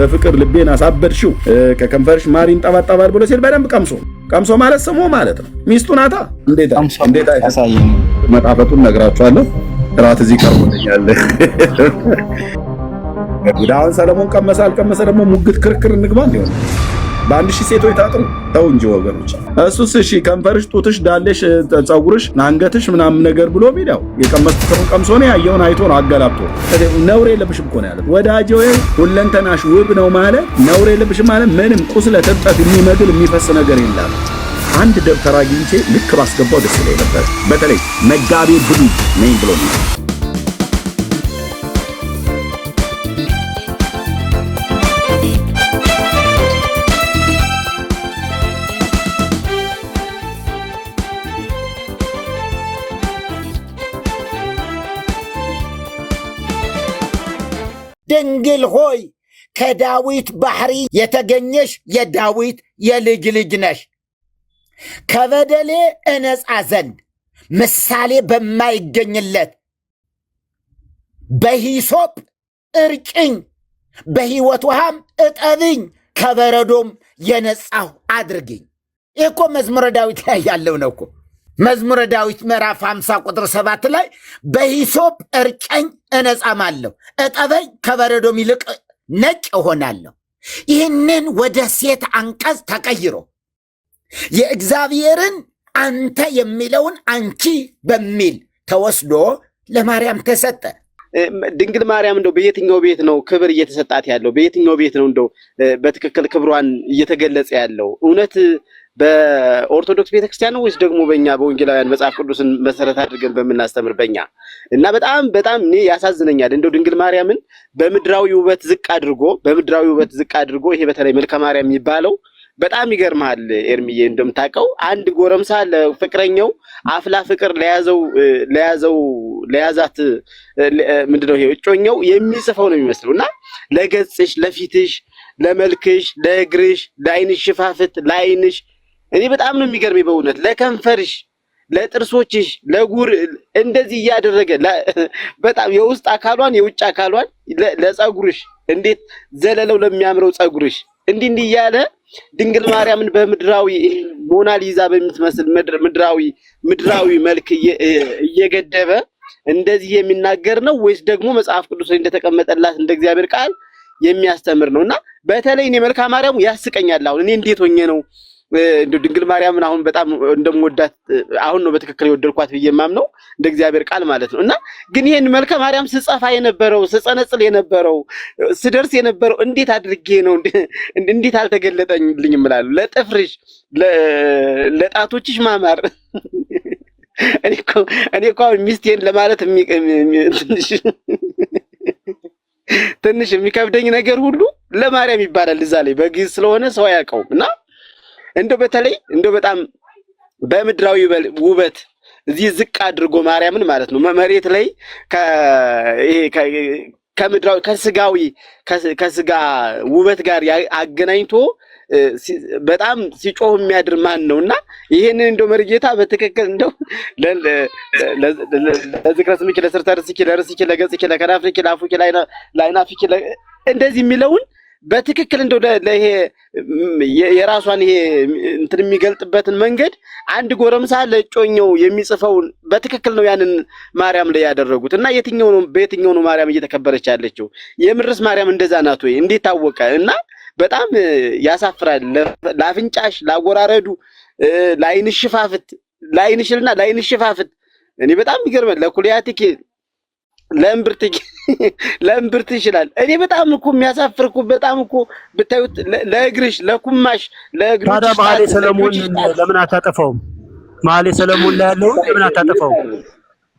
በፍቅር ልቤን አሳበድሽው ከከንፈርሽ ማር ይንጠባጠባል ብሎ ሲል በደንብ ቀምሶ ቀምሶ ማለት ስሞ ማለት ነው። ሚስቱ ናታ። እንዴት እንዴት መጣፈጡን ነግራችኋለሁ። እራት እዚህ ቀርቦልኛል። አሁን ሰለሞን ቀመሰ አልቀመሰ ደግሞ ሙግት ክርክር እንግባ እንዲሆነ በአንድ ሺህ ሴቶች ታጥሩ ተው እንጂ ወገኖች። እሱስ እሺ ከንፈርሽ፣ ጡትሽ፣ ዳለሽ፣ ጸጉርሽ፣ አንገትሽ ምናምን ነገር ብሎ ሚዳው የቀመስከሩን ቀምሶ ነው ያየውን አይቶ ነው አገላብቶ ነውሬ የለብሽም እኮ ነው ያለት። ወይ ሁለንተናሽ ውብ ነው ማለት ነውሬ የለብሽም ማለት ምንም ቁስለት፣ እብጠት የሚመግል የሚፈስ ነገር የለም። አንድ ደብተር አግኝቼ ልክ ባስገባው ደስ ላይ ነበር። በተለይ መጋቤ ብሉይ ነኝ ብሎ ነው ድንግል ሆይ ከዳዊት ባሕሪ የተገኘሽ የዳዊት የልጅ ልጅ ነሽ። ከበደሌ እነጻ ዘንድ ምሳሌ በማይገኝለት በሂሶጵ እርጭኝ፣ በሕይወት ውሃም እጠብኝ፣ ከበረዶም የነጻሁ አድርግኝ። ይህ እኮ መዝሙረ ዳዊት ላይ ያለው ነው እኮ መዝሙረ ዳዊት ምዕራፍ 50 ቁጥር 7 ላይ በሂሶጵ እርጨኝ እነጻማለሁ፣ እጠበኝ ከበረዶም ይልቅ ነጭ እሆናለሁ። ይህንን ወደ ሴት አንቀጽ ተቀይሮ የእግዚአብሔርን አንተ የሚለውን አንቺ በሚል ተወስዶ ለማርያም ተሰጠ። ድንግል ማርያም እንደው በየትኛው ቤት ነው ክብር እየተሰጣት ያለው? በየትኛው ቤት ነው እንደው በትክክል ክብሯን እየተገለጸ ያለው? እውነት በኦርቶዶክስ ቤተክርስቲያን ነው ወይስ ደግሞ በእኛ በወንጌላውያን መጽሐፍ ቅዱስን መሰረት አድርገን በምናስተምር በእኛ እና በጣም በጣም እኔ ያሳዝነኛል። እንደው ድንግል ማርያምን በምድራዊ ውበት ዝቅ አድርጎ በምድራዊ ውበት ዝቅ አድርጎ ይሄ በተለይ መልከ ማርያም የሚባለው በጣም ይገርማል ኤርሚዬ፣ እንደምታውቀው አንድ ጎረምሳ ለፍቅረኛው አፍላ ፍቅር ለያዘው ለያዘው ለያዛት ምንድነው ይሄ እጮኛው የሚጽፈው ነው የሚመስለው እና ለገጽሽ፣ ለፊትሽ፣ ለመልክሽ፣ ለእግርሽ፣ ለአይንሽ ሽፋፍት ለአይንሽ እኔ በጣም ነው የሚገርመኝ በእውነት ለከንፈርሽ፣ ለጥርሶችሽ፣ ለጉር እንደዚህ እያደረገ በጣም የውስጥ አካሏን የውጭ አካሏን ለጸጉርሽ እንዴት ዘለለው ለሚያምረው ጸጉርሽ እንዲህ እንዲህ እያለ ድንግል ማርያምን በምድራዊ ሞናሊዛ በምትመስል ምድራዊ ምድራዊ መልክ እየገደበ እንደዚህ የሚናገር ነው ወይስ ደግሞ መጽሐፍ ቅዱስ እንደተቀመጠላት እንደ እግዚአብሔር ቃል የሚያስተምር ነው? እና በተለይ እኔ መልካ ማርያሙ ያስቀኛል። አሁን እኔ እንዴት ሆኜ ነው ድንግል ማርያምን አሁን በጣም እንደምወዳት አሁን ነው በትክክል የወደድኳት ብዬ ማምነው እንደ እግዚአብሔር ቃል ማለት ነው። እና ግን ይሄን መልከ ማርያም ስጸፋ የነበረው ስጸነጽል የነበረው ስደርስ የነበረው እንዴት አድርጌ ነው እንዴት አልተገለጠልኝም እምላለሁ። ለጥፍርሽ ለጣቶችሽ ማማር እኔ እኮ አሁን ሚስቴን ለማለት ትንሽ የሚከብደኝ ነገር ሁሉ ለማርያም ይባላል እዛ ላይ በግዕዝ ስለሆነ ሰው አያውቀውም እና እንደ በተለይ እንደ በጣም በምድራዊ ውበት እዚህ ዝቅ አድርጎ ማርያምን ማለት ነው መሬት ላይ ከምድራዊ ከስጋዊ ከስጋ ውበት ጋር አገናኝቶ በጣም ሲጮህ የሚያድር ማን ነው? እና ይህንን እንደ መርጌታ በትክክል እንደው ለዝክረ ስምኪ ለስርተርስኪ ለርስኪ ለገጽኪ ለከናፍርኪ ለአፉኪ ለአይናፍኪ እንደዚህ የሚለውን በትክክል እንደው ለይሄ የራሷን ይሄ እንትን የሚገልጥበትን መንገድ አንድ ጎረምሳ ለጮኛው የሚጽፈውን በትክክል ነው ያንን ማርያም ላይ ያደረጉት እና የትኛው ነው በየትኛው ነው ማርያም እየተከበረች ያለችው? የምድርስ ማርያም እንደዛ ናት ወይ? እንዴት ታወቀ? እና በጣም ያሳፍራል። ላፍንጫሽ፣ ላጎራረዱ፣ ላይንሽፋፍት፣ ላይንሽልና ላይንሽፋፍት እኔ በጣም ይገርመል ለኩልያቲክ ለእምብርት ለእምብርት ይችላል። እኔ በጣም እኮ የሚያሳፍር እኮ በጣም እኮ ብታዩት ለእግርሽ ለኩማሽ ለእግርሽ ታዲያ መሐሌ ሰለሞን ለምን አታጠፋውም? መሐሌ ሰለሞን ላይ ያለውን ለምን አታጠፋውም?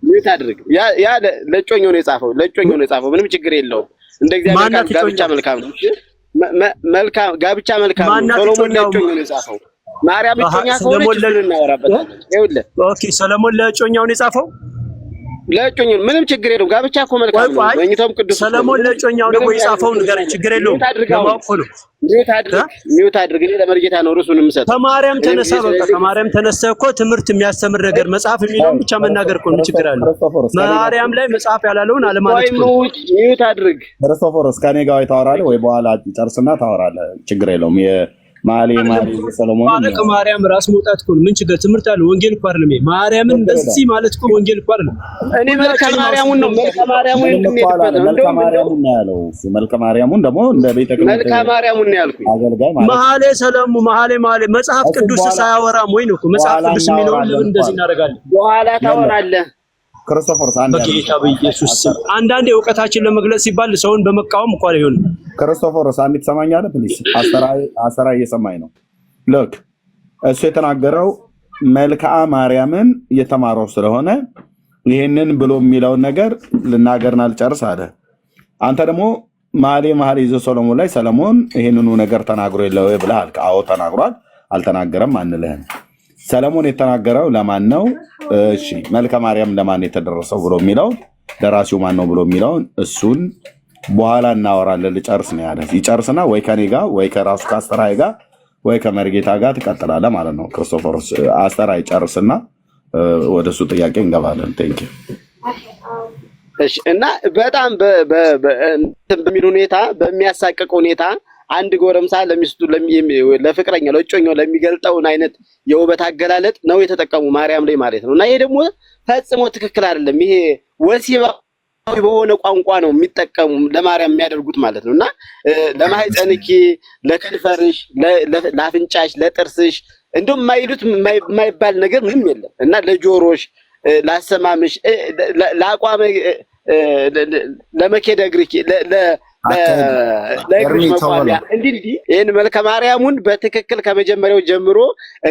ምን ታድርግ? ያ ያ ለጮኛው ነው የጻፈው፣ ለጮኛው ነው የጻፈው። ምንም ችግር የለውም። እንደ እግዚአብሔር ጋብቻ መልካም ነው። መልካም ጋብቻ መልካም ነው። ሰሎሞን ለጮኛው ነው የጻፈው። ማርያም እጮኛ ከሆነች እናወራበታለን። ይኸውልህ ኦኬ፣ ሰለሞን ለጮኛው ነው የጻፈው ለጮኝ ምንም ችግር የለውም። ጋብቻ እኮ መልካም ነው። መኝታውም ቅዱስ ሰለሞን ለጮኛው ደግሞ የጻፈው ነገር ችግር የለውም። ሚውት አድርግ። አድርግ። እኔ ለመርጌታ ነው ርሱን የምሰጥ። ከማርያም ተነሳ፣ በቃ ከማርያም ተነሳ እኮ ትምህርት የሚያስተምር ነገር መጽሐፍ የሚለውን ብቻ መናገር እኮ ነው። ችግር አለ ማርያም ላይ መጽሐፍ ያላለውን አለማለት ነው። ሚውት አድርግ። ክርስቶፎሮስ ከኔ ጋር ታወራለህ ወይ? በኋላ ጨርስና ታወራለህ። ችግር የለውም። ማሌ ማሌ ሰለሞን ከማርያም ራስ መውጣት እኮ ምን ችግር? ትምህርት አለ። ወንጌል እኮ አይደለም ማርያምን እንደዚህ ማለት እኮ ወንጌል እኮ አይደለም። እኔ መልከ ማርያሙን ነው መልከ ማርያሙን ነው ያለው። እሱ። መልከ ማርያሙን ደግሞ እንደ ቤተ ክርስቲያን መልከ ማርያሙን ነው ያልኩኝ። አገልጋይ ማሌ ሰለሞን ማሌ ማሌ መጽሐፍ ቅዱስ ሳያወራም ወይ ነው እኮ መጽሐፍ ቅዱስ የሚለውን ለምን እንደዚህ እናደርጋለን? በኋላ ታወራለህ ክርስቶፎርስ አንድ በጌታ በኢየሱስ ስም አንዳንዴ እውቀታችን ለመግለጽ ሲባል ሰውን በመቃወም እንኳን ይሁን። ክርስቶፎርስ አንድ ትሰማኛለህ? ፕሊስ አሰራይ አሰራይ እየሰማኝ ነው። ልክ እሱ የተናገረው መልክዓ ማርያምን የተማረው ስለሆነ ይሄንን ብሎ የሚለውን ነገር ልናገርና ልጨርስ አለ። አንተ ደግሞ መኃልየ መኃልይ ዘሰሎሞን ላይ ሰለሞን ይሄንኑ ነገር ተናግሮ የለ ወይ ብለህ አልክ። አዎ ተናግሯል። አልተናገረም አንልህም። ሰለሞን የተናገረው ለማን ነው? እሺ መልከ ማርያም ለማን የተደረሰው ብሎ የሚለው ደራሲው ማን ነው ብሎ የሚለውን እሱን በኋላ እናወራለን። ልጨርስ ነው ያለ። ይጨርስና ወይ ከኔ ጋ ወይ ከራሱ ከአስተራይ ጋ ወይ ከመርጌታ ጋር ትቀጥላለ ማለት ነው። ክርስቶፈር አስተራይ ጨርስና ወደ እሱ ጥያቄ እንገባለን። ቴንክ እና በጣም በሚል ሁኔታ በሚያሳቅቅ ሁኔታ አንድ ጎረምሳ ለሚስቱ ለፍቅረኛ ለእጮኛው ለሚገልጠውን አይነት የውበት አገላለጥ ነው የተጠቀሙ ማርያም ላይ ማለት ነው። እና ይሄ ደግሞ ፈጽሞ ትክክል አይደለም። ይሄ ወሲባዊ በሆነ ቋንቋ ነው የሚጠቀሙ ለማርያም የሚያደርጉት ማለት ነው። እና ለማህፀንኪ፣ ለከንፈርሽ፣ ለአፍንጫሽ፣ ለጥርስሽ እንዲሁም የማይሉት የማይባል ነገር ምንም የለም እና ለጆሮሽ፣ ላሰማምሽ፣ ለአቋመ ለመኬደ እግርኪ ለእግሮች መቋሚያ እንዲህ እንዲህ ይህን መልከ ማርያሙን በትክክል ከመጀመሪያው ጀምሮ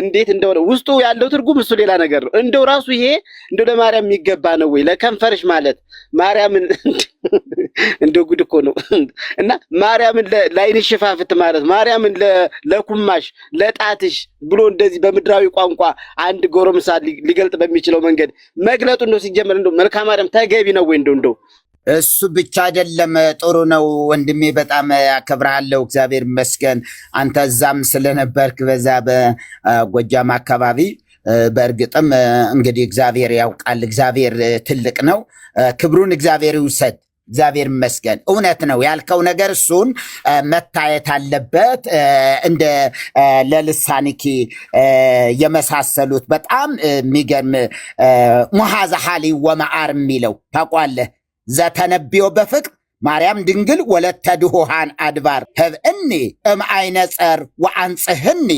እንዴት እንደሆነ ውስጡ ያለው ትርጉም እሱ ሌላ ነገር ነው። እንደው ራሱ ይሄ እንደው ለማርያም የሚገባ ነው ወይ ለከንፈርሽ ማለት ማርያምን እንደ ጉድ እኮ ነው እና ማርያምን ለዓይንሽ ሽፋፍት ማለት ማርያምን ለኩማሽ ለጣትሽ ብሎ እንደዚህ በምድራዊ ቋንቋ አንድ ጎረምሳ ሊገልጥ በሚችለው መንገድ መግለጡ እንደው ሲጀመር እንደው መልካ ማርያም ተገቢ ነው ወይ እንደው እንደው እሱ ብቻ አይደለም፣ ጥሩ ነው ወንድሜ፣ በጣም ያከብርሃለሁ። እግዚአብሔር ይመስገን አንተ እዛም ስለነበርክ በዛ በጎጃም አካባቢ። በእርግጥም እንግዲህ እግዚአብሔር ያውቃል። እግዚአብሔር ትልቅ ነው። ክብሩን እግዚአብሔር ይውሰድ። እግዚአብሔር ይመስገን። እውነት ነው ያልከው ነገር፣ እሱን መታየት አለበት። እንደ ለልሳኒኪ የመሳሰሉት በጣም የሚገርም ሙሃዘ ሀሊ ወመዓር የሚለው ታውቋለህ ዘተነቢዮ በፍቅር ማርያም ድንግል ወለተ ድሆሃን አድባር ህብእኒ እም አይነጸር ወአንጽህኒ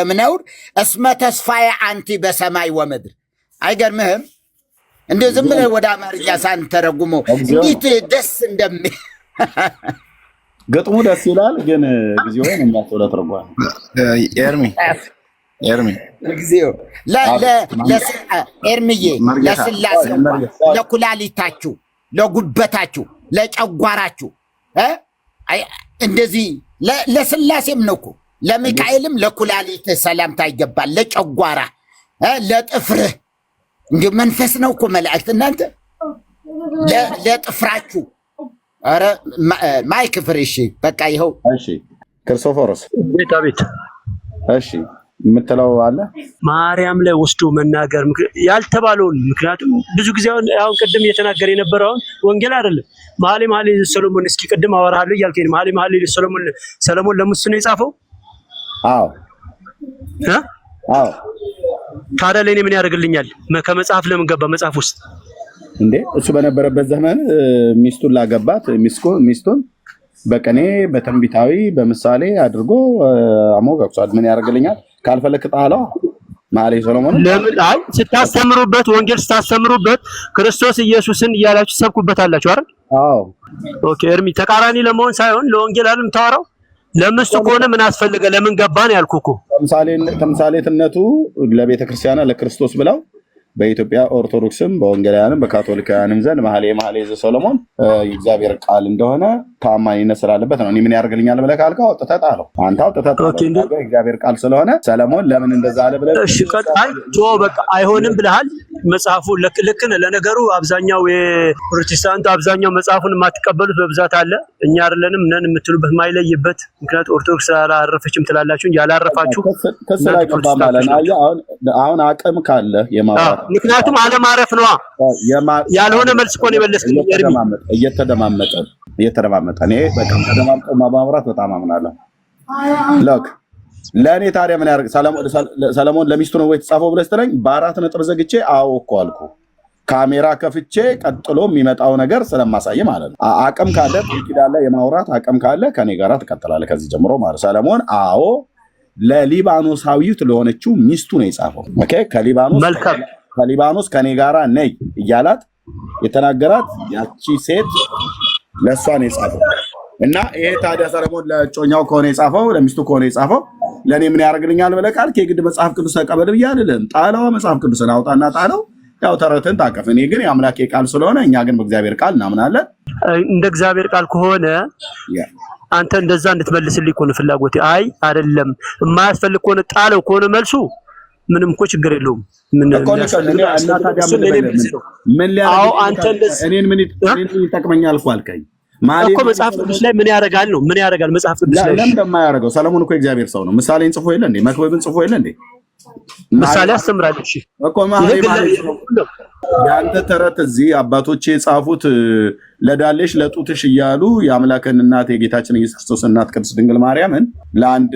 እምነውር እስመ ተስፋዬ አንቲ በሰማይ ወምድር። አይገርምህም? እንዲሁ ዝም ብለህ ወደ አማርኛ ሳንተረጉሞ እንዴት ደስ እንደሚ ግጥሙ ደስ ይላል። ግን ጊዜ የሚያቸው ለትርጓሜ ኤርሚ ኤርሚዬ ለስላሴ ለኩላሊታችሁ ለጉበታችሁ፣ ለጨጓራችሁ እንደዚህ ለስላሴም ነው እኮ ለሚካኤልም ለኩላሊት ሰላምታ ይገባል። ለጨጓራ፣ ለጥፍርህ እንዲ መንፈስ ነው እኮ መላእክት። እናንተ ለጥፍራችሁ ኧረ ማይክ ፍሬሽ በቃ ይኸው ክርስቶፎሮስ ቤት አቤት። እሺ የምትለው አለ ማርያም ላይ ወስዶ መናገር ያልተባለውን። ምክንያቱም ብዙ ጊዜ አሁን ቅድም እየተናገረ የነበረውን አሁን ወንጌል አይደለም። መኃልየ መኃልይ ሰሎሞን እስኪ ቅድም አወራለሁ እያልከኝ መኃልየ መኃልይ ሰሎሞን ሰሎሞን ለሙሴ ነው የጻፈው። አዎ አዎ። ታዲያ ለእኔ ምን ያደርግልኛል? ከመጽሐፍ ለምን ገባ መጽሐፍ ውስጥ እንዴ? እሱ በነበረበት ዘመን ሚስቱን ላገባት ሚስቱን በቀኔ በትንቢታዊ በምሳሌ አድርጎ አሞጋግሷል። ምን ያደርግልኛል? ካልፈለክ ጣለው ማለ ሰለሞን ለምን አይ ስታስተምሩበት ወንጌል ስታስተምሩበት ክርስቶስ ኢየሱስን እያላችሁ ሰብኩበት አላችሁ አይደል? አዎ ኦኬ። እርሚ ተቃራኒ ለመሆን ሳይሆን ለወንጌል አይደል የምታወራው? ለምስቱ ከሆነ ምን አስፈልገ ለምን ገባን ያልኩህ እኮ ተምሳሌትነቱ ለቤተ ክርስቲያና ለክርስቶስ ብለው በኢትዮጵያ ኦርቶዶክስም በወንጌላውያንም በካቶሊካውያንም ዘንድ መኃልየ መኃልየ ዘሰሎሞን የእግዚአብሔር ቃል እንደሆነ ታማኝነት ስላለበት ነው። እኔ ምን ያደርግልኛል ብለህ ካልከው አውጥተህ ጣለው። አንተ አውጥተህ ጣለው። እግዚአብሔር ቃል ስለሆነ ሰለሞን ለምን እንደዛ አለ ብለህ በቃ አይሆንም ብለሃል። መጽሐፉ ልክ ነህ። ለነገሩ አብዛኛው የፕሮቴስታንቱ አብዛኛው መጽሐፉን የማትቀበሉት በብዛት አለ። እኛ አይደለንም ነን የምትሉበት ማይለይበት ምክንያት ኦርቶዶክስ አላረፈችም ትላላችሁ እንጂ አላረፋችሁ። አሁን አቅም ካለ ምክንያቱም አለማረፍ ነዋ። ያልሆነ መልስ እኮ ነው የመለስክልኝ። እየተደማመጠ እየተደማመጠ የሚመጣ እኔ በጣም ተደማምጦ ማብራት በጣም አምናለሁ። ላክ ለእኔ ታዲያ ምን ያደርግ ሰለሞን ለሚስቱ ነው ወይ የተጻፈው ብለህ ስትለኝ በአራት ነጥብ ዘግቼ አዎ እኮ አልኩ። ካሜራ ከፍቼ ቀጥሎ የሚመጣው ነገር ስለማሳይ ማለት ነው። አቅም ካለ ኪዳለ የማውራት አቅም ካለ ከኔ ጋራ ትቀጥላለህ ከዚህ ጀምሮ ማለት ሰለሞን። አዎ ለሊባኖሳዊት ለሆነችው ሚስቱ ነው የጻፈው። ከሊባኖስ ከኔ ጋራ ነይ እያላት የተናገራት ያቺ ሴት ለእሷ ነው የጻፈው እና ይሄ ታዲያ ሰለሞን ለጮኛው ከሆነ የጻፈው ለሚስቱ ከሆነ የጻፈው ለእኔ ምን ያደርግልኛል ብለህ ካልክ የግድ መጽሐፍ ቅዱስ ተቀበል ብዬ አልልም። ጣለዋ፣ መጽሐፍ ቅዱስን አውጣና ጣለው። ያው ተረትን ታቀፍ። እኔ ግን የአምላኬ ቃል ስለሆነ እኛ ግን በእግዚአብሔር ቃል እናምናለን። እንደ እግዚአብሔር ቃል ከሆነ አንተ እንደዛ እንድትመልስልኝ ከሆነ ፍላጎቴ አይ አይደለም፣ የማያስፈልግ ከሆነ ጣለው ከሆነ መልሱ ምንም እኮ ችግር የለውም። ምን እኔን ምን ይጠቅመኛል እኮ አልከኝ እኮ መጽሐፍ ቅዱስ ላይ ምን ያደርጋል ነው? ምን ያደርጋል መጽሐፍ ቅዱስ ላይ ለምን እንደማያደርገው? ሰለሞን እኮ እግዚአብሔር ሰው ነው። ምሳሌን ጽፎ የለ እንዴ? መክበብን ጽፎ የለ እንዴ? ምሳሌ አስተምራለች እኮ ማህሌ ማህሌ የአንተ ተረት እዚህ አባቶቼ የጻፉት ለዳሌሽ ለጡትሽ እያሉ የአምላክን እናት የጌታችን ኢየሱስ ክርስቶስ እናት ቅድስት ድንግል ማርያምን ለአንድ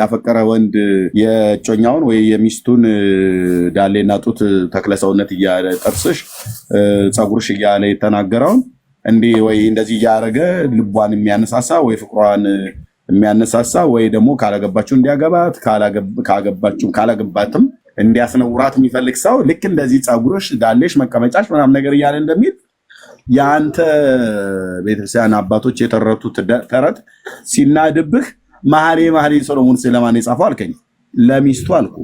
ያፈቀረ ወንድ የእጮኛውን ወይ የሚስቱን ዳሌና ጡት ሰውነት እያለ ጥርስሽ፣ ጸጉርሽ እያለ የተናገረውን እንዲህ ወይ እንደዚህ እያደረገ ልቧን የሚያነሳሳ ወይ ፍቅሯን የሚያነሳሳ ወይ ደግሞ ካላገባችሁ እንዲያገባት ካላገባችሁ ካላገባትም እንዲያስነውራት የሚፈልግ ሰው ልክ እንደዚህ ፀጉርሽ፣ ዳሌሽ፣ መቀመጫሽ ምናምን ነገር እያለ እንደሚል የአንተ ቤተክርስቲያን አባቶች የተረቱት ተረት ሲናድብህ መኃልየ መኃልይ ሶሎሞን ስለማን የጻፈው አልከኝ? ለሚስቱ አልኩ።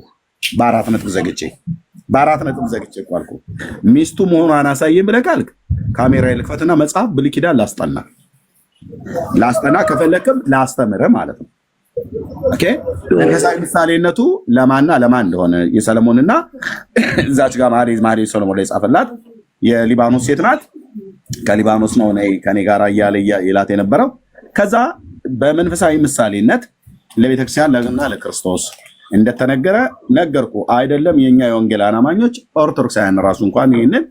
በአራት ነጥብ ዘግቼ በአራት ነጥብ ዘግቼ አልኩ። ሚስቱ መሆኗን አሳየን ብለህ ካልክ ካሜራ ልክፈትና መጽሐፍ ብሉይ ኪዳን ላስጠና ላስጠና ከፈለክም ላስተምርህ ማለት ነው። መንፈሳዊ ምሳሌነቱ ለማና ለማን እንደሆነ የሰለሞንና እዛች ጋር ማሬ ሰለሞን ላይ ጻፈላት የሊባኖስ ሴት ናት። ከሊባኖስ ነው ከኔ ጋር እያለ ይላት የነበረው። ከዛ በመንፈሳዊ ምሳሌነት ለቤተክርስቲያን ለግና ለክርስቶስ እንደተነገረ ነገርኩ አይደለም። የኛ የወንጌል አናማኞች ኦርቶዶክሳውያን ራሱ እንኳን ይህንን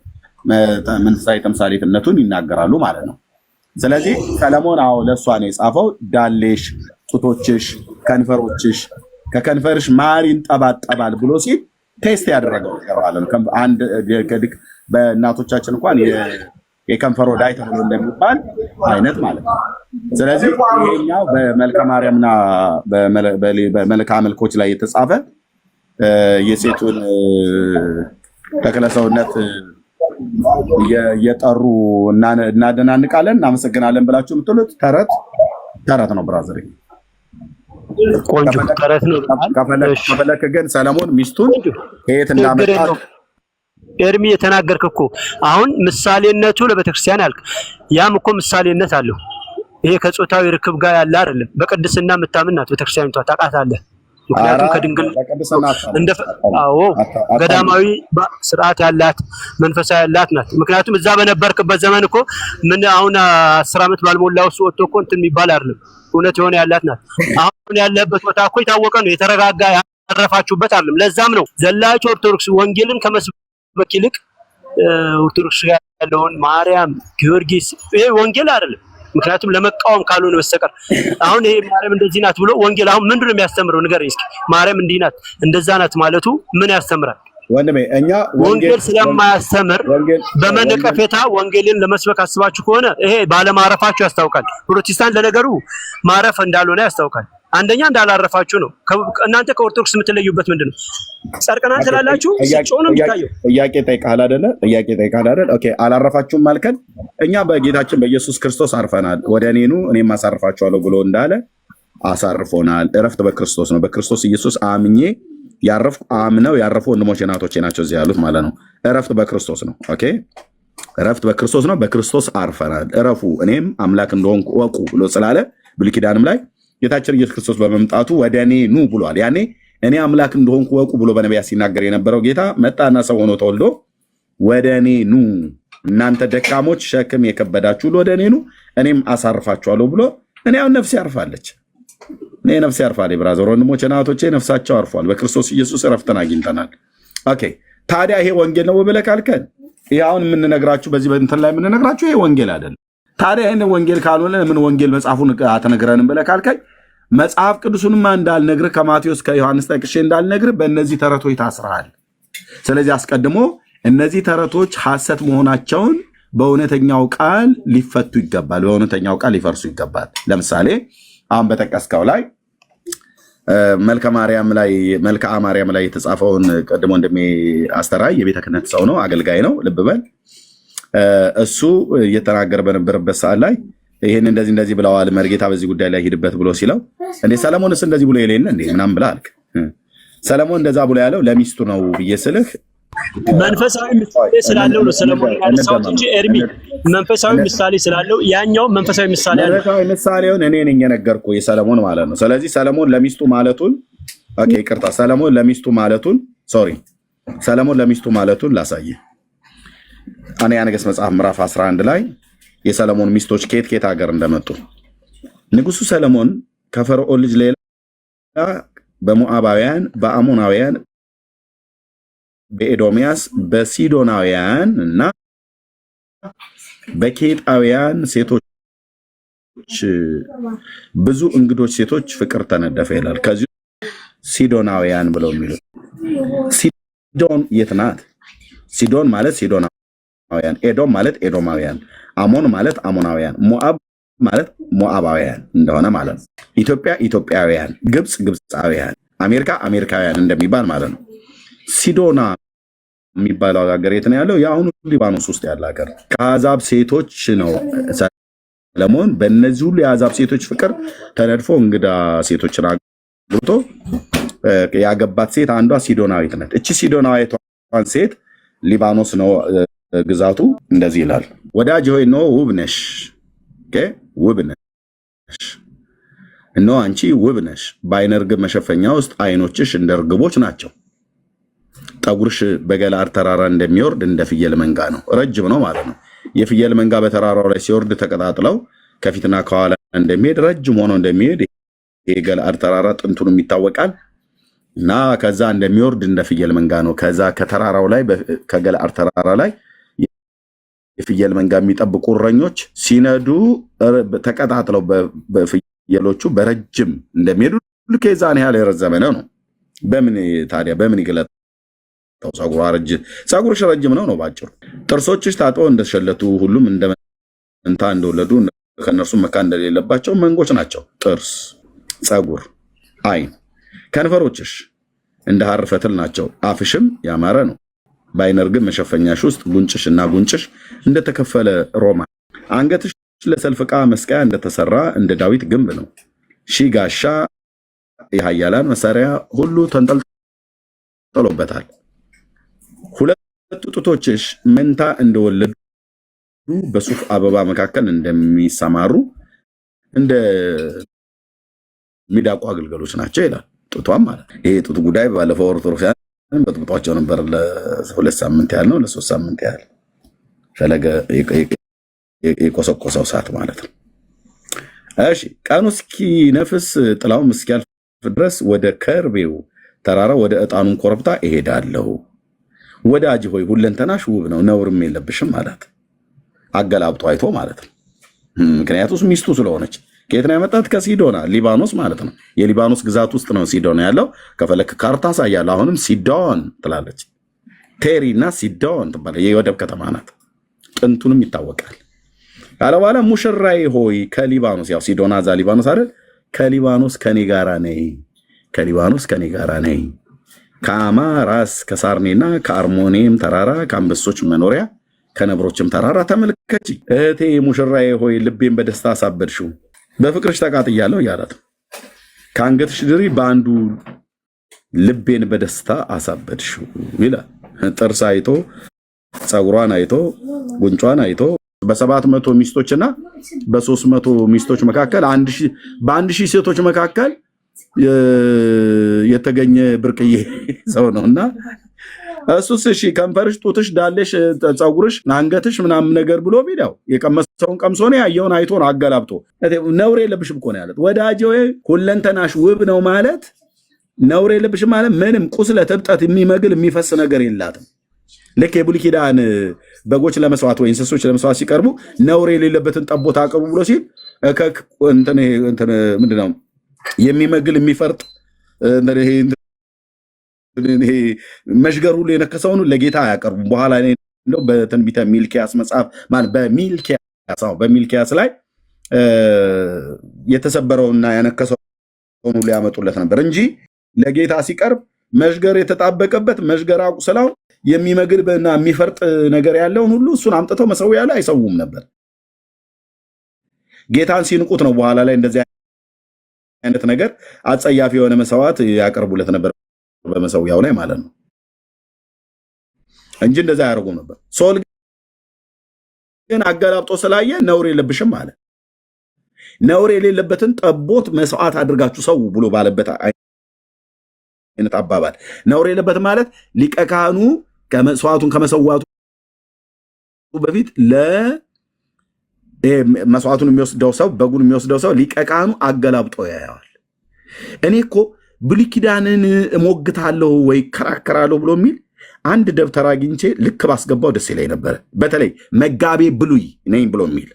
መንፈሳዊ ተምሳሌትነቱን ይናገራሉ ማለት ነው። ስለዚህ ሰለሞን አዎ ለእሷ ነው የጻፈው ዳሌሽ ጡቶችሽ፣ ከንፈሮችሽ ከከንፈርሽ ማር ይንጠባጠባል ብሎ ሲል ቴስት ያደረገው ነገር በእናቶቻችን እንኳን የከንፈሮ ዳይ ተብሎ እንደሚባል አይነት ማለት ነው። ስለዚህ ይሄኛው በመልካ ማርያምና በመልካ መልኮች ላይ የተጻፈ የሴቱን ተክለ ሰውነት የጠሩ እናደናንቃለን እናመሰግናለን ብላችሁ የምትሉት ተረት ተረት ነው ብራዘር። ቆንጆ ተረት ነው። ከፈለክ ግን ሰለሞን ሚስቱን ከየት እናመጣል? ኤርሚ የተናገርክ እኮ አሁን ምሳሌነቱ ለቤተክርስቲያን ያልክ ያም እኮ ምሳሌነት አለው። ይሄ ከጾታዊ ርክብ ጋር ያለ አይደለም። በቅድስና የምታምን ናት ቤተክርስቲያኒቷ፣ ታውቃታለህ። ምክንያቱም ከድንግል እንደ አዎ ገዳማዊ ስርዓት ያላት መንፈሳዊ ያላት ናት። ምክንያቱም እዛ በነበርክበት ዘመን እኮ ምን አሁን አስር ዓመት ባልሞላው ወጥቶ እኮ እንትን የሚባል አይደለም። እውነት የሆነ ያላት ናት። አሁን ያለበት ቦታ እኮ የታወቀ ነው። የተረጋጋ ያረፋችሁበት አለም። ለዛም ነው ዘላቂ ኦርቶዶክስ ወንጌልን ከመስበክ ይልቅ ኦርቶዶክስ ጋር ያለውን ማርያም፣ ጊዮርጊስ ይሄ ወንጌል አይደለም። ምክንያቱም ለመቃወም ካልሆነ በስተቀር አሁን ይሄ ማርያም እንደዚህ ናት ብሎ ወንጌል አሁን ምንድን ነው የሚያስተምረው? ንገረኝ እስኪ። ማርያም እንዲህ ናት እንደዛ ናት ማለቱ ምን ያስተምራል? ወንድሜ እኛ ወንጌል ስለማያስተምር በመነቀፌታ ወንጌልን ለመስበክ አስባችሁ ከሆነ ይሄ ባለማረፋችሁ ያስታውቃል። ፕሮቴስታንት ለነገሩ ማረፍ እንዳልሆነ ያስታውቃል። አንደኛ እንዳላረፋችሁ ነው። እናንተ ከኦርቶዶክስ የምትለዩበት ምንድን ነው? ጸድቀናል ስላላችሁ ስጮህ ነው የሚታየው። ጥያቄ ጠይቃል አደለ? ጥያቄ ጠይቃል አይደል? ኦኬ አላረፋችሁም አልከን። እኛ በጌታችን በኢየሱስ ክርስቶስ አርፈናል። ወደ እኔኑ እኔም አሳርፋችኋለሁ ብሎ እንዳለ አሳርፎናል። እረፍት በክርስቶስ ነው። በክርስቶስ ኢየሱስ አምኜ ያረፉ አምነው ያረፉ ወንድሞቼና እህቶቼ ናቸው እዚህ ያሉት ማለት ነው። እረፍት በክርስቶስ ነው። ኦኬ እረፍት በክርስቶስ ነው። በክርስቶስ አርፈናል። እረፉ እኔም አምላክ እንደሆንኩ እወቁ ብሎ ስላለ ብሉይ ኪዳንም ላይ ጌታችን ኢየሱስ ክርስቶስ በመምጣቱ ወደ እኔ ኑ ብሏል። ያኔ እኔ አምላክ እንደሆንኩ እወቁ ብሎ በነቢያት ሲናገር የነበረው ጌታ መጣና ሰው ሆኖ ተወልዶ ወደ እኔ ኑ እናንተ ደካሞች ሸክም የከበዳችሁ ሁሉ ወደ እኔ ኑ እኔም አሳርፋችኋለሁ ብሎ እኔ አሁን ነፍሴ ያርፋለች። እኔ ነፍሴ ያርፋል። ብራዘር ወንድሞቼ፣ እናቶቼ ነፍሳቸው አርፏል። በክርስቶስ ኢየሱስ እረፍትን አግኝተናል። ኦኬ ታዲያ ይሄ ወንጌል ነው ብለህ ካልከን ይሄ አሁን የምንነግራችሁ በዚህ በእንትን ላይ የምንነግራችሁ ይሄ ወንጌል አይደለም። ታዲያ ይህን ወንጌል ካልሆነ ለምን ወንጌል መጽሐፉን አትነግረንም ብለህ ካልከኝ መጽሐፍ ቅዱሱንማ እንዳልነግርህ ከማቴዎስ ከዮሐንስ ጠቅሼ እንዳልነግርህ በእነዚህ ተረቶች ታስረሃል። ስለዚህ አስቀድሞ እነዚህ ተረቶች ሐሰት መሆናቸውን በእውነተኛው ቃል ሊፈቱ ይገባል። በእውነተኛው ቃል ሊፈርሱ ይገባል። ለምሳሌ አሁን በጠቀስከው ላይ መልከ ማርያም ላይ መልክዓ ማርያም ላይ የተጻፈውን ቀድሞ ወንድሜ አስተራይ የቤተ ክህነት ሰው ነው፣ አገልጋይ ነው። ልብ በል እሱ እየተናገረ በነበረበት ሰዓት ላይ ይህን እንደዚህ እንደዚህ ብለዋል መርጌታ በዚህ ጉዳይ ላይ ሂድበት ብሎ ሲለው እንዴ ሰለሞንስ እንደዚህ ብሎ የሌለ እንዴ ምናምን ብላ አልክ። ሰለሞን እንደዛ ብሎ ያለው ለሚስቱ ነው ብዬ ስልህ መንፈሳዊ ምሳሌ ስላለው ነው ሰለሞን ያነሳሁት እንጂ ኤርሚ መንፈሳዊ ምሳሌ ስላለው ያኛው መንፈሳዊ ምሳሌ ያለው መንፈሳዊ ምሳሌውን እኔ ነኝ የነገርኩህ የሰለሞን ማለት ነው። ስለዚህ ሰለሞን ለሚስቱ ማለቱን ኦኬ፣ ይቅርታ ሰለሞን ለሚስቱ ማለቱን ሶሪ፣ ሰለሞን ለሚስቱ ማለቱን ላሳየ አንደኛ ያነገስ መጽሐፍ ምዕራፍ 11 ላይ የሰለሞን ሚስቶች ኬት ኬት ሀገር እንደመጡ ንጉሱ ሰለሞን ከፈርዖን ልጅ ሌላ በሞዓባውያን፣ በአሞናውያን በኤዶምያስ በሲዶናውያን እና በኬጣውያን ሴቶች ብዙ እንግዶች ሴቶች ፍቅር ተነደፈ ይላል። ከዚ ሲዶናውያን ብለው የሚሉት ሲዶን የት ናት? ሲዶን ማለት ሲዶናውያን፣ ኤዶም ማለት ኤዶማውያን፣ አሞን ማለት አሞናውያን፣ ሞአብ ማለት ሞአባውያን እንደሆነ ማለት ነው። ኢትዮጵያ ኢትዮጵያውያን፣ ግብፅ ግብፃውያን፣ አሜሪካ አሜሪካውያን እንደሚባል ማለት ነው። ሲዶና የሚባለው ሀገር የት ነው ያለው? የአሁኑ ሊባኖስ ውስጥ ያለ ሀገር ከአዛብ ሴቶች ነው ሰለሞን። በእነዚህ ሁሉ የአዛብ ሴቶች ፍቅር ተነድፎ እንግዳ ሴቶችን አግብቶ ያገባት ሴት አንዷ ሲዶናዊት ነች። እቺ ሲዶናዊቷን ሴት ሊባኖስ ነው ግዛቱ። እንደዚህ ይላል፣ ወዳጅ ሆይ ኖ ውብ ነሽ፣ ውብ ነሽ፣ እነሆ አንቺ ውብ ነሽ። በዓይነ ርግብ መሸፈኛ ውስጥ አይኖችሽ እንደ ርግቦች ናቸው። ጠጉርሽ በገላር ተራራ እንደሚወርድ እንደ ፍየል መንጋ ነው። ረጅም ነው ማለት ነው። የፍየል መንጋ በተራራው ላይ ሲወርድ ተቀጣጥለው ከፊትና ከኋላ እንደሚሄድ ረጅም ሆኖ እንደሚሄድ ገላር ተራራ ጥንቱንም ይታወቃል እና ከዛ እንደሚወርድ እንደ ፍየል መንጋ ነው። ከዛ ከተራራው ላይ ከገላር ተራራ ላይ የፍየል መንጋ የሚጠብቁ እረኞች ሲነዱ ተቀጣጥለው በፍየሎቹ በረጅም እንደሚሄዱ ልክ የዛን ያህል የረዘመ ነው። በምን ታዲያ በምን ይግለጥ ጸጉርሽ ረጅም ነው ነው ባጭሩ። ጥርሶችሽ ታጥበው እንደተሸለቱ ሁሉም እንደመንታ እንደወለዱ ከእነርሱም መካ እንደሌለባቸው መንጎች ናቸው። ጥርስ፣ ጸጉር፣ አይን። ከንፈሮችሽ እንደ ሐር ፈትል ናቸው። አፍሽም ያማረ ነው። በአይነ ግን መሸፈኛሽ ውስጥ ጉንጭሽ እና ጉንጭሽ እንደተከፈለ ሮማ አንገትሽ ለሰልፍ ዕቃ መስቀያ እንደተሰራ እንደ ዳዊት ግንብ ነው። ሺ ጋሻ የሀያላን መሳሪያ ሁሉ ተንጠልጥሎበታል። ሁለቱ ጡቶችሽ መንታ እንደወለዱ በሱፍ አበባ መካከል እንደሚሰማሩ እንደ ሚዳቁ አገልገሎች ናቸው ይላል። ጡቷም ማለት ነው። ይሄ ጡት ጉዳይ ባለፈው ኦርቶዶክሳን በጥብጧቸው ነበር። ለሁለት ሳምንት ያህል ነው ለሶስት ሳምንት ያህል ፈለገ የቆሰቆሰው ሰዓት ማለት ነው። እሺ ቀኑ እስኪ ነፍስ ጥላውም እስኪያልፍ ድረስ ወደ ከርቤው ተራራ ወደ እጣኑን ኮረብታ እሄዳለሁ። ወዳጅ ሆይ ሁለንተናሽ ውብ ነው ነውርም የለብሽም ማለት አገላብጦ አይቶ ማለት ነው። ምክንያቱስ ሚስቱ ስለሆነች ከየት ነው ያመጣት? ከሲዶና ሊባኖስ ማለት ነው። የሊባኖስ ግዛት ውስጥ ነው ሲዶና ያለው። ከፈለክ ካርታ አሳያለሁ። አሁንም ሲዶን ትላለች። ቴሪ እና ሲዶን ትባላለች። የወደብ ከተማ ናት። ጥንቱንም ይታወቃል ካለ በኋላ ሙሽራዬ ሆይ ከሊባኖስ ያው ሲዶና እዛ ሊባኖስ አይደል? ከሊባኖስ ከኔ ጋራ ነይ፣ ከሊባኖስ ከኔ ጋራ ነይ ከአማ ራስ ከሳርኔና ከአርሞኔም ተራራ ከአንበሶች መኖሪያ ከነብሮችም ተራራ ተመልከች። እህቴ ሙሽራዬ ሆይ ልቤን በደስታ አሳበድሽው፣ በፍቅርሽ ተቃጥያለሁ እያላት ከአንገትሽ ድሪ በአንዱ ልቤን በደስታ አሳበድሽው ይላል። ጥርስ አይቶ ፀጉሯን አይቶ ጉንጯን አይቶ በሰባት መቶ ሚስቶች እና በሶስት መቶ ሚስቶች መካከል በአንድ ሺህ ሴቶች መካከል የተገኘ ብርቅዬ ሰው ነው እና እሱስ እሺ ከንፈርሽ፣ ጡትሽ፣ ዳሌሽ፣ ፀጉርሽ፣ አንገትሽ ምናምን ነገር ብሎ ሚዳው የቀመሰውን ቀምሶ ነው ያየውን አይቶ ነው አገላብጦ ነውር የለብሽም እኮ ነው ያለት። ወዳጄ ሁለንተናሽ ውብ ነው ማለት ነውር የለብሽም ማለት ምንም ቁስለት፣ እብጠት የሚመግል የሚፈስ ነገር የላትም። ልክ የብሉይ ኪዳን በጎች ለመስዋዕት ወይ እንስሶች ለመስዋዕት ሲቀርቡ ነውር የሌለበትን ጠቦት አቅርቡ ብሎ ሲል ምንድን ነው የሚመግል የሚፈርጥ መሽገር ሁሉ የነከሰውን ለጌታ አያቀርቡም። በኋላ ነው በትንቢተ ሚልኪያስ መጽሐፍ በሚልኪያስ ላይ የተሰበረውና ያነከሰውን ሁሉ ያመጡለት ነበር እንጂ ለጌታ ሲቀርብ መሽገር የተጣበቀበት መሽገር አቁስላው የሚመግልበና የሚፈርጥ ነገር ያለውን ሁሉ እሱን አምጥተው መሰዊያ ላይ አይሰውም ነበር። ጌታን ሲንቁት ነው በኋላ ላይ እንደዚህ አይነት ነገር አጸያፊ የሆነ መስዋዕት ያቀርቡለት ነበር በመሰዊያው ላይ ማለት ነው እንጂ እንደዛ ያደርጉም ነበር። ሶል ግን አገላብጦ ስላየ ነውር የለብሽም አለ። ነውር የሌለበትን ጠቦት መስዋዕት አድርጋችሁ ሰው ብሎ ባለበት አይነት አባባል ነውር የለበት ማለት ሊቀ ካህኑ መስዋዕቱን ከመሰዋቱ በፊት መስዋዕቱን የሚወስደው ሰው በጉን የሚወስደው ሰው ሊቀ ካህኑ አገላብጦ ያየዋል። እኔ እኮ ብሉይ ኪዳንን እሞግታለሁ ወይ እከራከራለሁ ብሎ የሚል አንድ ደብተር አግኝቼ ልክ ባስገባው ደስ ይለኝ ነበረ። በተለይ መጋቤ ብሉይ ነኝ ብሎ የሚል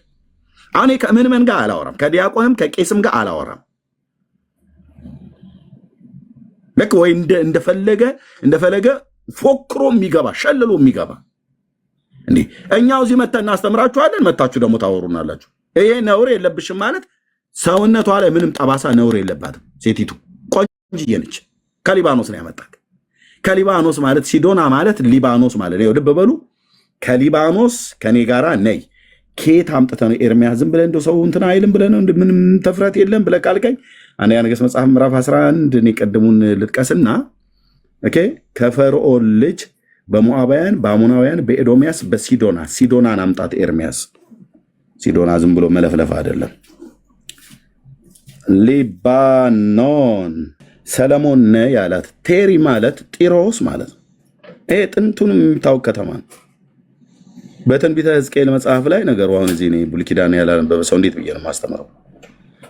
አሁን ከምዕመን ጋር አላወራም፣ ከዲያቆንም ከቄስም ጋር አላወራም። ልክ ወይ እንደፈለገ እንደፈለገ ፎክሮ የሚገባ ሸልሎ የሚገባ እንዴ እኛው እዚህ መተን እናስተምራችኋለን፣ መታችሁ ደግሞ ታወሩናላችሁ። ይሄ ነውር የለብሽም ማለት ሰውነቷ ላይ ምንም ጠባሳ ነውር የለባትም። ሴቲቱ ቆንጅዬ ነች። ከሊባኖስ ነው ያመጣት። ከሊባኖስ ማለት ሲዶና ማለት ሊባኖስ ማለት ነው። ልብ በሉ ከሊባኖስ ከኔ ጋራ ነይ። ከየት አምጥተህ ነው ኤርሚያ? ዝም ብለህ እንደ ሰው እንትን አይልም ብለህ ነው ምንም ተፍረት የለም ብለህ ቃልከኝ። አንደኛ ነገሥት መጽሐፍ ምዕራፍ 11 እኔ ቀድሙን ልጥቀስና ኦኬ ከፈርዖን ልጅ በሞዓባውያን፣ በአሞናውያን፣ በኤዶሚያስ፣ በሲዶና ሲዶናን አምጣት ኤርሚያስ። ሲዶና ዝም ብሎ መለፍለፍ አይደለም። ሊባኖን ሰለሞን ነ ያላት ቴሪ ማለት ጢሮስ ማለት ነው። ይሄ ጥንቱን የሚታወቅ ከተማ ነው። በትንቢተ ህዝቅኤል መጽሐፍ ላይ ነገሩ አሁን እዚህ ብሉይ ኪዳን ያላነበበ ሰው እንዴት ብዬ ነው ማስተምረው?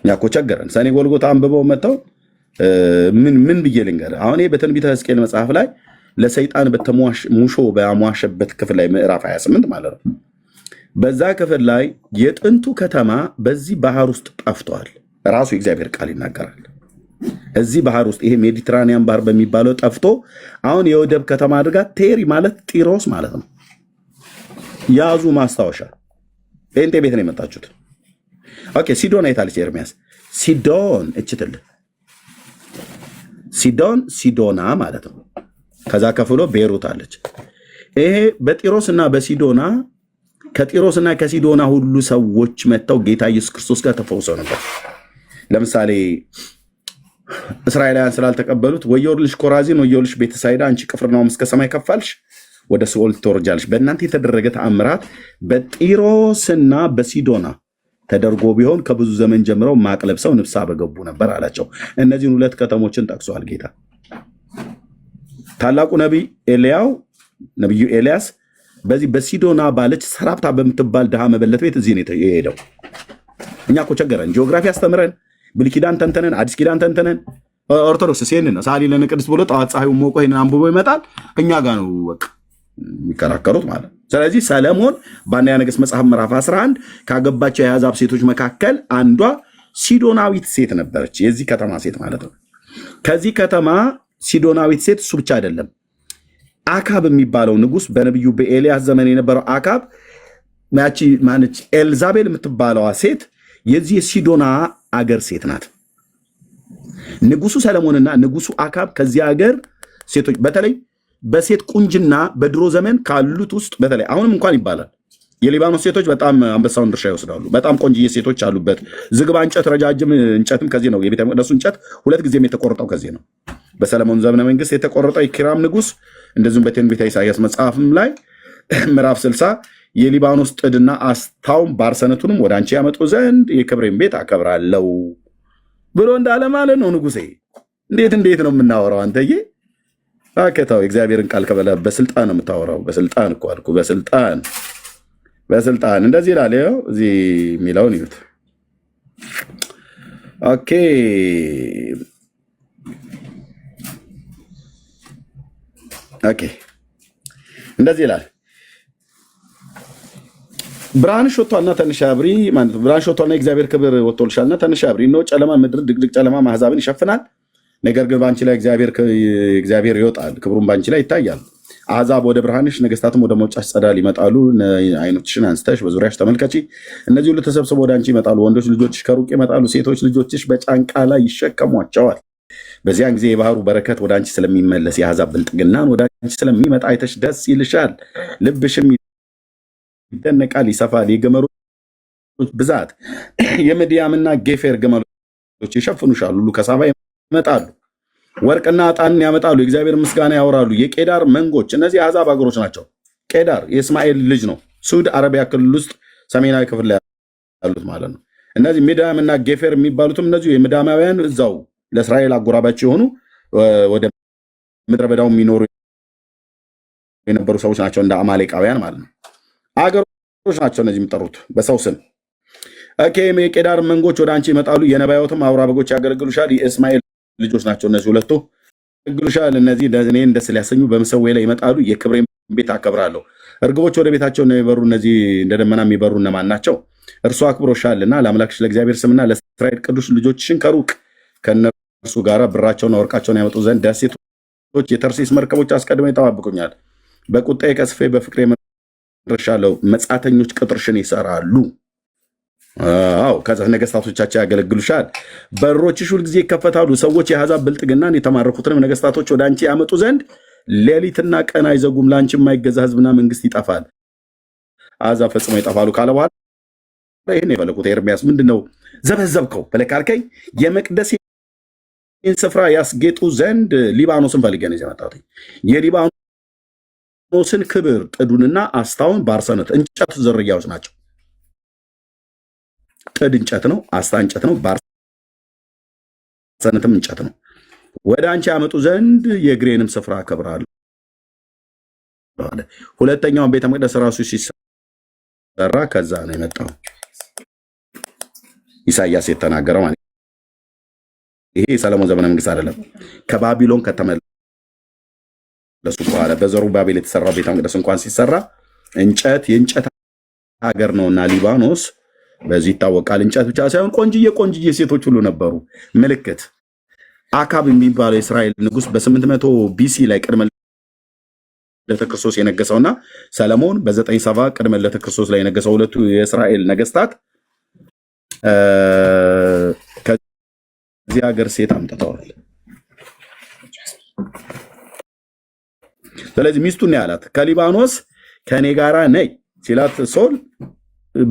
እኛ እኮ ቸገረን። ሰኔ ጎልጎታ አንብበው መጥተው ምን ምን ብዬ ልንገር? አሁን ይሄ በትንቢተ ህዝቅኤል መጽሐፍ ላይ ለሰይጣን በተሙሾ በሟሸበት ክፍል ላይ ምዕራፍ 28 ማለት ነው። በዛ ክፍል ላይ የጥንቱ ከተማ በዚህ ባህር ውስጥ ጠፍቷል። ራሱ የእግዚአብሔር ቃል ይናገራል። እዚህ ባህር ውስጥ ይሄ ሜዲትራኒያን ባህር በሚባለው ጠፍቶ አሁን የወደብ ከተማ አድርጋ ቴሪ ማለት ጢሮስ ማለት ነው። ያዙ ማስታወሻ። ጴንጤ ቤት ነው የመጣችሁት። ኦኬ ሲዶን አይታለች ኤርሚያስ። ሲዶን እችትል ሲዶን ሲዶና ማለት ነው። ከዛ ከፍሎ ቤሩት አለች። ይሄ እና በሲዶና እና ከሲዶና ሁሉ ሰዎች መጥተው ጌታ ኢየሱስ ክርስቶስ ጋር ተፈውሰው ነበር። ለምሳሌ እስራኤላውያን ስላልተቀበሉት ወየውልሽ ኮራዚን፣ ወየውልሽ ቤተሳይዳ፣ አንቺ ቅፍርናሆም እስከ ሰማይ ከፋልሽ፣ ወደ ሲኦል ትወርጃለሽ። በእናንተ የተደረገ ተአምራት በጢሮስና በሲዶና ተደርጎ ቢሆን ከብዙ ዘመን ጀምረው ማቅ ለብሰው ንስሐ በገቡ ነበር አላቸው። እነዚህን ሁለት ከተሞችን ጠቅሷል ጌታ ታላቁ ነቢይ ኤልያው ነቢዩ ኤልያስ በዚህ በሲዶና ባለች ሰራብታ በምትባል ድሃ መበለት ቤት እዚህ ነው የሄደው። እኛ እኮ ቸገረን፣ ጂኦግራፊ አስተምረን፣ ብሉይ ኪዳን ተንተነን፣ አዲስ ኪዳን ተንተነን። ኦርቶዶክስ ሴን ነው ሳሊ ለነቅድስ ብሎ ጠዋት ፀሐዩ ሞቆ ይህንን አንብቦ ይመጣል። እኛ ጋር ነው ወቅ የሚከራከሩት ማለት ነው። ስለዚህ ሰለሞን በአንደኛ ነገሥት መጽሐፍ ምዕራፍ 11 ካገባቸው የአሕዛብ ሴቶች መካከል አንዷ ሲዶናዊት ሴት ነበረች። የዚህ ከተማ ሴት ማለት ነው። ከዚህ ከተማ ሲዶናዊት ሴት እሱ ብቻ አይደለም። አካብ የሚባለው ንጉስ በነቢዩ በኤልያስ ዘመን የነበረው አካብ ያቺ ማነች ኤልዛቤል የምትባለዋ ሴት የዚህ የሲዶና አገር ሴት ናት። ንጉሱ ሰለሞንና ንጉሱ አካብ ከዚህ አገር ሴቶች በተለይ በሴት ቁንጅና በድሮ ዘመን ካሉት ውስጥ በተለይ አሁንም እንኳን ይባላል የሊባኖስ ሴቶች በጣም አንበሳውን ድርሻ ይወስዳሉ። በጣም ቆንጅዬ ሴቶች አሉበት። ዝግባ እንጨት፣ ረጃጅም እንጨትም ከዚህ ነው። የቤተ መቅደሱ እንጨት ሁለት ጊዜም የተቆረጠው ከዚህ ነው። በሰለሞን ዘመነ መንግስት የተቆረጠው የኪራም ንጉስ፣ እንደዚሁም በትንቢተ ኢሳያስ መጽሐፍም ላይ ምዕራፍ ስልሳ የሊባኖስ ጥድና አስታውም ባርሰነቱንም ወደ አንቺ ያመጡ ዘንድ የክብሬን ቤት አከብራለው ብሎ እንዳለ ማለት ነው። ንጉሴ እንዴት እንዴት ነው የምናወራው? አንተዬ አከታው እግዚአብሔርን ቃል ከበላ በስልጣን ነው የምታወራው። በስልጣን እኮ በስልጣን በስልጣን እንደዚህ ይላል። ይኸው እዚህ የሚለውን ይዩት። ኦኬ ኦኬ፣ እንደዚህ ይላል። ብርሃን ሾቷልና ተነሺ አብሪ ማለት ብርሃን ሾቷልና የእግዚአብሔር ክብር ወጥቶልሻልና ተነሺ አብሪ። እነሆ ጨለማ ምድር ድቅድቅ ጨለማ ማህዛብን ይሸፍናል። ነገር ግን በአንቺ ላይ እግዚአብሔር ይወጣል፣ ክብሩን በአንቺ ላይ ይታያል። አሕዛብ ወደ ብርሃንሽ፣ ነገስታትም ወደ መውጫሽ ጸዳል ይመጣሉ። አይኖችሽን አንስተሽ በዙሪያሽ ተመልከቺ። እነዚህ ሁሉ ተሰብስበው ወደ አንቺ ይመጣሉ። ወንዶች ልጆችሽ ከሩቅ ይመጣሉ፣ ሴቶች ልጆችሽ በጫንቃ ላይ ይሸከሟቸዋል። በዚያን ጊዜ የባህሩ በረከት ወደ አንቺ ስለሚመለስ የአሕዛብ ብልጥግናን ወደ አንቺ ስለሚመጣ አይተሽ ደስ ይልሻል፣ ልብሽም ይደነቃል፣ ይሰፋል። የግመሎች ብዛት የምድያምና ጌፌር ግመሎች ይሸፍኑሻል፣ ሁሉ ከሳባ ይመጣሉ። ወርቅና ዕጣንን ያመጣሉ፣ የእግዚአብሔር ምስጋና ያወራሉ። የቄዳር መንጎች እነዚህ አሕዛብ አገሮች ናቸው። ቄዳር የእስማኤል ልጅ ነው። ሱድ አረቢያ ክልል ውስጥ ሰሜናዊ ክፍል ላይ ያሉት ማለት ነው። እነዚህ ሚዳም እና ጌፌር የሚባሉትም እነዚሁ የምዳማውያን እዛው ለእስራኤል አጎራባች የሆኑ ወደ ምድረ በዳው የሚኖሩ የነበሩ ሰዎች ናቸው። እንደ አማሌቃውያን ማለት ነው። አገሮች ናቸው እነዚህ የሚጠሩት በሰው ስም። ኦኬ የቄዳር መንጎች ወደ አንቺ ይመጣሉ፣ የነባዮትም አውራ በጎች ያገለግሉሻል። የእስማኤል ልጆች ናቸው እነዚህ ሁለቱ ችግርሻል። እነዚህ እኔን ደስ ሊያሰኙ በምሰዌ ላይ ይመጣሉ። የክብሬን ቤት አከብራለሁ። እርግቦች ወደ ቤታቸው የሚበሩ እነዚህ እንደ ደመና የሚበሩ እነማን ናቸው? እርሱ አክብሮሻል እና ለአምላክሽ ለእግዚአብሔር ስምና ለእስራኤል ቅዱስ ልጆችሽን ከሩቅ ከእነርሱ ጋር ብራቸውን ወርቃቸውን ያመጡ ዘንድ ደሴቶች የተርሴስ መርከቦች አስቀድመው ይጠባብቁኛል። በቁጣዬ ቀስፌ በፍቅሬ መድረሻለሁ። መጻተኞች ቅጥርሽን ይሰራሉ። አዎ ከዛ ነገስታቶቻቸው ያገለግሉሻል። በሮችሽ ሁልጊዜ ይከፈታሉ። ሰዎች የአሕዛብ ብልጥግናን የተማረኩትንም ነገስታቶች ወደ አንቺ ያመጡ ዘንድ ሌሊትና ቀን አይዘጉም። ለአንቺ የማይገዛ ህዝብና መንግስት ይጠፋል፣ አሕዛብ ፈጽሞ ይጠፋሉ ካለ በኋላ ይህን የፈለኩት ኤርሚያስ ምንድን ነው ዘበዘብከው በለካልከኝ የመቅደስ ስፍራ ያስጌጡ ዘንድ ሊባኖስን ፈልጌ ነው የመጣሁት። የሊባኖስን ክብር ጥዱንና አስታውን ባርሰነት እንጨት ዝርያዎች ናቸው ጥድ እንጨት ነው፣ አስታ እንጨት ነው፣ ባርሰነትም እንጨት ነው። ወደ አንቺ ያመጡ ዘንድ የእግሬንም ስፍራ አከብራለሁ። ሁለተኛውን ቤተ መቅደስ ራሱ ሲሰራ ከዛ ነው የመጣው ኢሳያስ የተናገረው ማለት ይሄ የሰለሞን ዘመነ መንግስት አይደለም። ከባቢሎን ከተመለሱ በኋላ በዘሩ የተሰራው ቤተ መቅደስ እንኳን ሲሰራ እንጨት የእንጨት ሀገር ነውና ሊባኖስ በዚህ ይታወቃል። እንጨት ብቻ ሳይሆን ቆንጅዬ ቆንጅዬ ሴቶች ሁሉ ነበሩ። ምልክት አካብ የሚባለው የእስራኤል ንጉስ በ800 ቢሲ ላይ ቅድመ ልደተ ክርስቶስ የነገሰውና ሰለሞን በ 97 ቅድመ ልደተ ክርስቶስ ላይ የነገሰው ሁለቱ የእስራኤል ነገስታት ከዚህ ሀገር ሴት አምጥተዋል። ስለዚህ ሚስቱን ያላት ከሊባኖስ ከኔ ጋራ ነይ ሲላት ሶል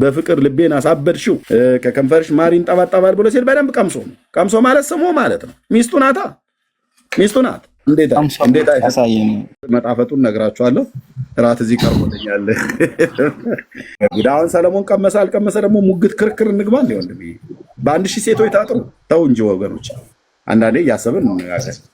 በፍቅር ልቤን አሳበድሽው ከከንፈርሽ ማር ይንጠባጠባል ብሎ ሲል በደንብ ቀምሶ ነው። ቀምሶ ማለት ስሞ ማለት ነው። ሚስቱ ናታ፣ ሚስቱ ናት። መጣፈጡን ነግራችኋለሁ። እራት እዚህ ቀርቦልኛል። እንግዲህ አሁን ሰለሞን ቀመሰ አልቀመሰ ደግሞ ሙግት ክርክር እንግባ ሊሆን በአንድ ሺህ ሴቶች ታጥሩ። ተው እንጂ ወገኖች፣ አንዳንዴ እያሰብን